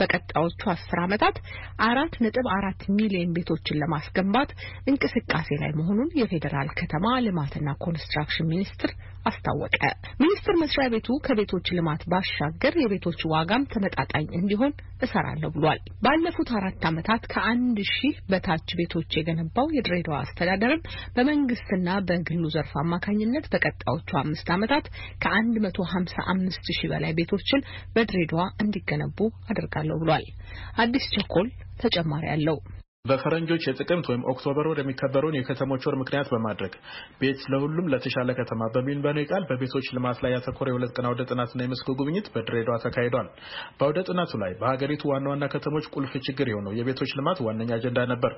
በቀጣዮቹ አስር ዓመታት አራት ነጥብ አራት ሚሊዮን ቤቶችን ለማስገንባት እንቅስቃሴ ላይ መሆኑን የፌዴራል ከተማ ልማትና ኮንስትራክሽን ሚኒስቴር አስታወቀ። ሚኒስቴር መስሪያ ቤቱ ከቤቶች ልማት ባሻገር የቤቶች ዋጋም ተመጣጣኝ እንዲሆን እሰራለሁ ብሏል። ባለፉት አራት ዓመታት ከአንድ ሺህ በታች ቤቶች የገነባው የድሬዳዋ አስተዳደርም በመንግስትና በግሉ ዘርፍ አማካኝነት በቀጣዮቹ አምስት ዓመታት ከአንድ መቶ ሀምሳ አምስት ሺህ በላይ ቤቶችን በድሬዳዋ እንዲገነቡ አድርጋል። አለው ብሏል። አዲስ ቸኮል ተጨማሪ አለው። በፈረንጆች የጥቅምት ወይም ኦክቶበር ወር የሚከበረውን የከተሞች ወር ምክንያት በማድረግ ቤት ለሁሉም ለተሻለ ከተማ በሚል መሪ ቃል በቤቶች ልማት ላይ ያተኮረ የሁለት ቀን አውደ ጥናትና የመስክ ጉብኝት በድሬዳዋ ተካሂዷል። በአውደ ጥናቱ ላይ በሀገሪቱ ዋና ዋና ከተሞች ቁልፍ ችግር የሆነው የቤቶች ልማት ዋነኛ አጀንዳ ነበር።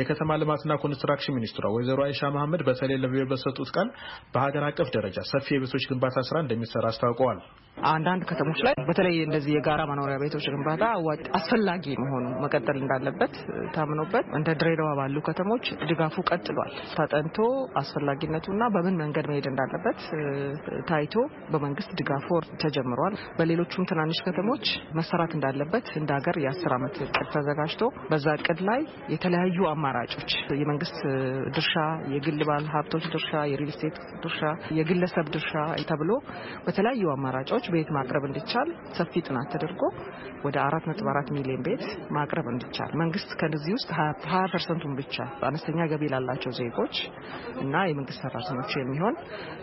የከተማ ልማትና ኮንስትራክሽን ሚኒስትሯ ወይዘሮ አይሻ መሐመድ በተለይ ለቪ በሰጡት ቃል በሀገር አቀፍ ደረጃ ሰፊ የቤቶች ግንባታ ስራ እንደሚሰራ አስታውቀዋል። አንዳንድ ከተሞች ላይ በተለይ እንደዚህ የጋራ መኖሪያ ቤቶች ግንባታ አስፈላጊ መሆኑ መቀጠል እንዳለበት ሆኖበት እንደ ድሬዳዋ ባሉ ከተሞች ድጋፉ ቀጥሏል። ተጠንቶ አስፈላጊነቱና በምን መንገድ መሄድ እንዳለበት ታይቶ በመንግስት ድጋፉ ተጀምሯል። በሌሎቹም ትናንሽ ከተሞች መሰራት እንዳለበት እንደ ሀገር የአስር ዓመት እቅድ ተዘጋጅቶ በዛ እቅድ ላይ የተለያዩ አማራጮች የመንግስት ድርሻ፣ የግል ባለ ሀብቶች ድርሻ፣ የሪል ስቴት ድርሻ፣ የግለሰብ ድርሻ ተብሎ በተለያዩ አማራጮች ቤት ማቅረብ እንዲቻል ሰፊ ጥናት ተደርጎ ወደ አራት ነጥብ አራት ሚሊዮን ቤት ማቅረብ እንዲቻል መንግስት ከነዚህ ውስጥ ውስጥ ሀያ ፐርሰንቱን ብቻ በአነስተኛ ገቢ ላላቸው ዜጎች እና የመንግስት ሰራተኞች የሚሆን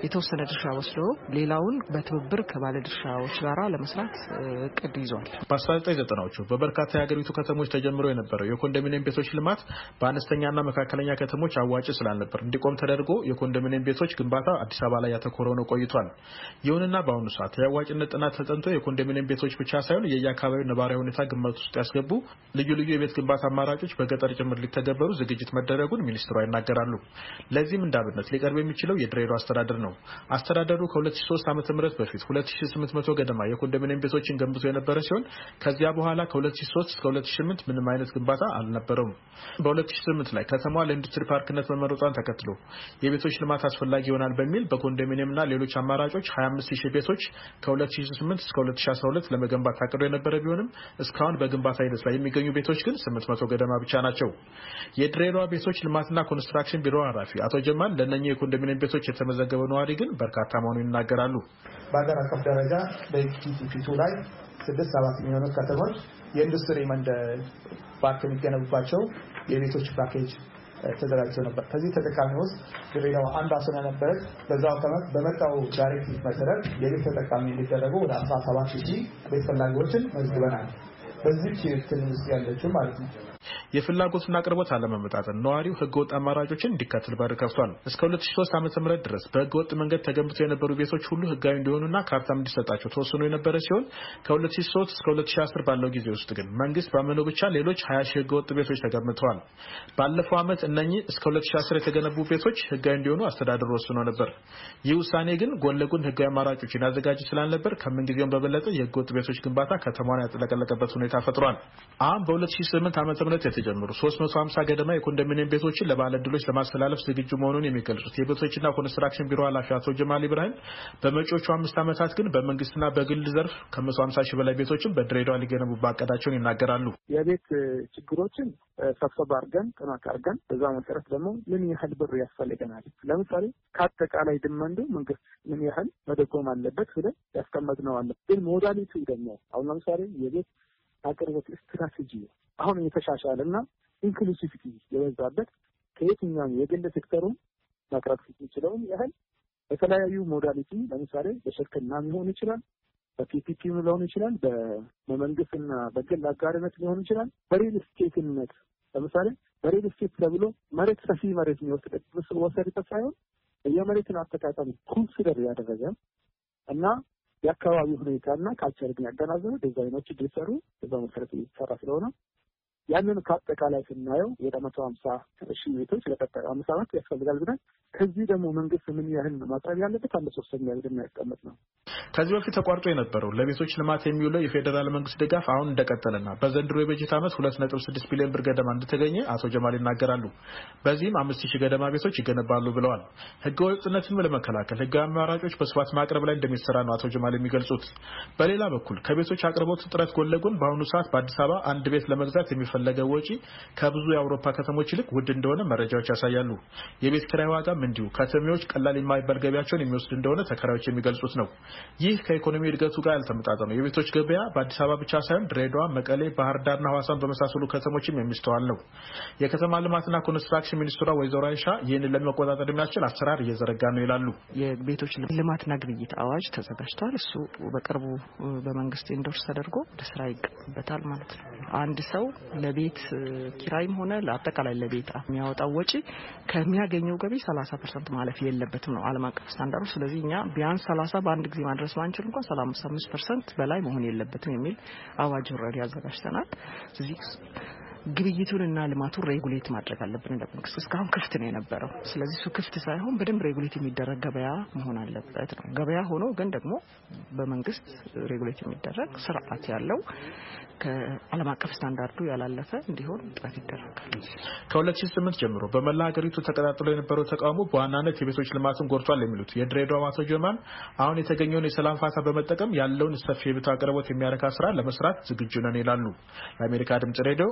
የተወሰነ ድርሻ ወስዶ ሌላውን በትብብር ከባለ ድርሻዎች ጋር ለመስራት እቅድ ይዟል። በ1990ዎቹ በበርካታ የሀገሪቱ ከተሞች ተጀምሮ የነበረው የኮንዶሚኒየም ቤቶች ልማት በአነስተኛና መካከለኛ ከተሞች አዋጭ ስላልነበር እንዲቆም ተደርጎ የኮንዶሚኒየም ቤቶች ግንባታ አዲስ አበባ ላይ ያተኮረ ሆኖ ቆይቷል። ይሁንና በአሁኑ ሰዓት የአዋጭነት ጥናት ተጠንቶ የኮንዶሚኒየም ቤቶች ብቻ ሳይሆን የየአካባቢው ነባራዊ ሁኔታ ግምት ውስጥ ያስገቡ ልዩ ልዩ የቤት ግንባታ አማራጮች በገ በገጠር ጭምር ሊተገበሩ ዝግጅት መደረጉን ሚኒስትሯ ይናገራሉ። ለዚህም እንዳብነት ሊቀርብ የሚችለው የድሬዳዋ አስተዳደር ነው። አስተዳደሩ ከ2003 ዓ ም በፊት 2800 ገደማ የኮንዶሚኒየም ቤቶችን ገንብቶ የነበረ ሲሆን ከዚያ በኋላ ከ2003 እስከ 2008 ምንም አይነት ግንባታ አልነበረውም። በ2008 ላይ ከተማዋ ለኢንዱስትሪ ፓርክነት መመረጧን ተከትሎ የቤቶች ልማት አስፈላጊ ይሆናል በሚል በኮንዶሚኒየምና ሌሎች አማራጮች 25000 ቤቶች ከ2008 እስከ 2012 ለመገንባት ታቅዶ የነበረ ቢሆንም እስካሁን በግንባታ ሂደት ላይ የሚገኙ ቤቶች ግን 800 ገደማ ብቻ ናቸው። የድሬዳዋ ቤቶች ልማትና ኮንስትራክሽን ቢሮ ኃላፊ አቶ ጀማል ለእነኚህ የኮንዶሚኒየም ቤቶች የተመዘገበ ነዋሪ ግን በርካታ መሆኑ ይናገራሉ። በሀገር አቀፍ ደረጃ በፊቱ ላይ ስድስት ሰባት የሚሆኑ ከተሞች የኢንዱስትሪ መንደር ፓርክ የሚገነቡባቸው የቤቶች ፓኬጅ ተዘጋጅቶ ነበር። ከዚህ ተጠቃሚ ውስጥ ድሬዳዋ አንዷ ስለነበረች በዛው ከመት በመጣው ዳይሬክቲቭ መሰረት የቤት ተጠቃሚ እንዲደረጉ ወደ 17 ሺህ ቤት ፈላጊዎችን መዝግበናል። በዚህ ትንስ ያለችው ማለት ነው የፍላጎትና አቅርቦት አለመመጣጠን ነዋሪው ህገወጥ አማራጮችን እንዲከተል በር ከፍቷል። እስከ 2003 ም ድረስ በህገወጥ መንገድ ተገንብተው የነበሩ ቤቶች ሁሉ ህጋዊ እንዲሆኑና ካርታም እንዲሰጣቸው ተወስኖ የነበረ ሲሆን ከ2003 እስከ 2010 ባለው ጊዜ ውስጥ ግን መንግስት ባመነው ብቻ ሌሎች 20 ሺህ ህገወጥ ቤቶች ተገንብተዋል። ባለፈው ዓመት እነኚህ እስከ 2010 የተገነቡ ቤቶች ህጋዊ እንዲሆኑ አስተዳደሩ ወስኖ ነበር። ይህ ውሳኔ ግን ጎን ለጎን ህጋዊ አማራጮች ያዘጋጅ ስላልነበር ከምንጊዜውም በበለጠ የህገወጥ ቤቶች ግንባታ ከተማዋን ያጥለቀለቀበት ሁኔታ ፈጥሯል። አሁን በ2008 ም ሁለት የተጀመሩ 350 ገደማ የኮንዶሚኒየም ቤቶችን ለባለ እድሎች ለማስተላለፍ ዝግጁ መሆኑን የሚገልጹት የቤቶችና ኮንስትራክሽን ቢሮ ኃላፊ አቶ ጀማል ኢብራሂም በመጪዎቹ አምስት ዓመታት ግን በመንግስትና በግል ዘርፍ ከ150 ሺህ በላይ ቤቶችን በድሬዳዋ ሊገነቡ ባቀዳቸውን ይናገራሉ። የቤት ችግሮችን ሰብሰብ አድርገን ጥናት አድርገን በዛ መሰረት ደግሞ ምን ያህል ብር ያስፈልገናል፣ ለምሳሌ ከአጠቃላይ ድመንዱ መንግስት ምን ያህል መደጎም አለበት ብለን አለ። ግን ሞዳሊቲ ደግሞ አሁን ለምሳሌ የቤት አቅርቦት ስትራቴጂ አሁን የተሻሻለ እና ኢንክሉሲቪቲ የበዛበት ከየትኛውም የግል ሴክተሩም ማቅረብ የሚችለውን ያህል በተለያዩ ሞዳሊቲ ለምሳሌ በሽርክና ሊሆን ይችላል፣ በፒፒፒ ሊሆን ይችላል፣ በመንግስትና በግል አጋርነት ሊሆን ይችላል። በሪል ስቴትነት ለምሳሌ በሪል ስቴት ተብሎ መሬት ሰፊ መሬት የሚወሰድበት ሳይሆን የመሬትን አጠቃቀም ኮንሲደር ያደረገ እና የአካባቢ ሁኔታና ካልቸር ግን ያገናዘበ ዲዛይኖች እንዲሰሩ እዛ መሰረት እየተሰራ ስለሆነ ያንን ከአጠቃላይ ስናየው ወደ መቶ ሀምሳ ሺ ቤቶች ለቀጣዩ አምስት ዓመት ያስፈልጋል ብለን ከዚህ ደግሞ መንግስት ምን ያህል ማቅረብ ያለበት አንድ ሶስተኛ ብለን የሚያስቀምጥ ነው። ከዚህ በፊት ተቋርጦ የነበረው ለቤቶች ልማት የሚውለው የፌዴራል መንግስት ድጋፍ አሁን እንደቀጠለና በዘንድሮ የበጀት ዓመት ሁለት ነጥብ ስድስት ቢሊዮን ብር ገደማ እንደተገኘ አቶ ጀማል ይናገራሉ። በዚህም አምስት ሺህ ገደማ ቤቶች ይገነባሉ ብለዋል። ህገ ወጥነትም ለመከላከል ህጋዊ አማራጮች በስፋት ማቅረብ ላይ እንደሚሰራ ነው አቶ ጀማል የሚገልጹት። በሌላ በኩል ከቤቶች አቅርቦት ጥረት ጎን ለጎን በአሁኑ ሰዓት በአዲስ አበባ አንድ ቤት ለመግዛት የሚፈ ያስፈለገው ወጪ ከብዙ የአውሮፓ ከተሞች ይልቅ ውድ እንደሆነ መረጃዎች ያሳያሉ። የቤት ክራይ ዋጋም እንዲሁ ከተሜዎች ቀላል የማይባል ገቢያቸውን የሚወስድ እንደሆነ ተከራዮች የሚገልጹት ነው። ይህ ከኢኮኖሚ እድገቱ ጋር ያልተመጣጠ ነው። የቤቶች ገበያ በአዲስ አበባ ብቻ ሳይሆን ድሬዳዋ፣ መቀሌ፣ ባህርዳርና ዳርና ሐዋሳን በመሳሰሉ ከተሞችም የሚስተዋል ነው። የከተማ ልማትና ኮንስትራክሽን ሚኒስትሯ ወይዘሮ አይሻ ይህንን ለመቆጣጠር የሚያስችል አሰራር እየዘረጋ ነው ይላሉ። የቤቶች ልማትና ግብይት አዋጅ ተዘጋጅቷል። እሱ በቅርቡ በመንግስት ኢንዶርስ ተደርጎ ወደ ስራ ይገባበታል ማለት ነው። አንድ ሰው ለቤት ኪራይም ሆነ ለአጠቃላይ ለቤት የሚያወጣው ወጪ ከሚያገኘው ገቢ 30 ፐርሰንት ማለፍ የለበትም ነው ዓለም አቀፍ ስታንዳርዱ። ስለዚህ እኛ ቢያንስ 30 በአንድ ጊዜ ማድረስ ማንችል እንኳን 35 ፐርሰንት በላይ መሆን የለበትም የሚል አዋጅ ረድ ያዘጋጅተናል። ግብይቱንና ልማቱን ሬጉሌት ማድረግ አለብን እንደ እስካሁን ክፍት ነው የነበረው። ስለዚህ እሱ ክፍት ሳይሆን በደንብ ሬጉሌት የሚደረግ ገበያ መሆን አለበት ነው። ገበያ ሆኖ ግን ደግሞ በመንግስት ሬጉሌት የሚደረግ ስርዓት ያለው ከዓለም አቀፍ ስታንዳርዱ ያላለፈ እንዲሆን ጥረት ይደረጋል። ከ2008 ጀምሮ በመላ ሀገሪቱ ተቀጣጥሎ የነበረው ተቃውሞ በዋናነት የቤቶች ልማትን ጎድቷል የሚሉት የድሬዳዋ አቶ ጀማን አሁን የተገኘውን የሰላም ፋታ በመጠቀም ያለውን ሰፊ የቤት አቅርቦት የሚያረካ ስራ ለመስራት ዝግጁ ነን ይላሉ። ለአሜሪካ ድምጽ ሬዲዮ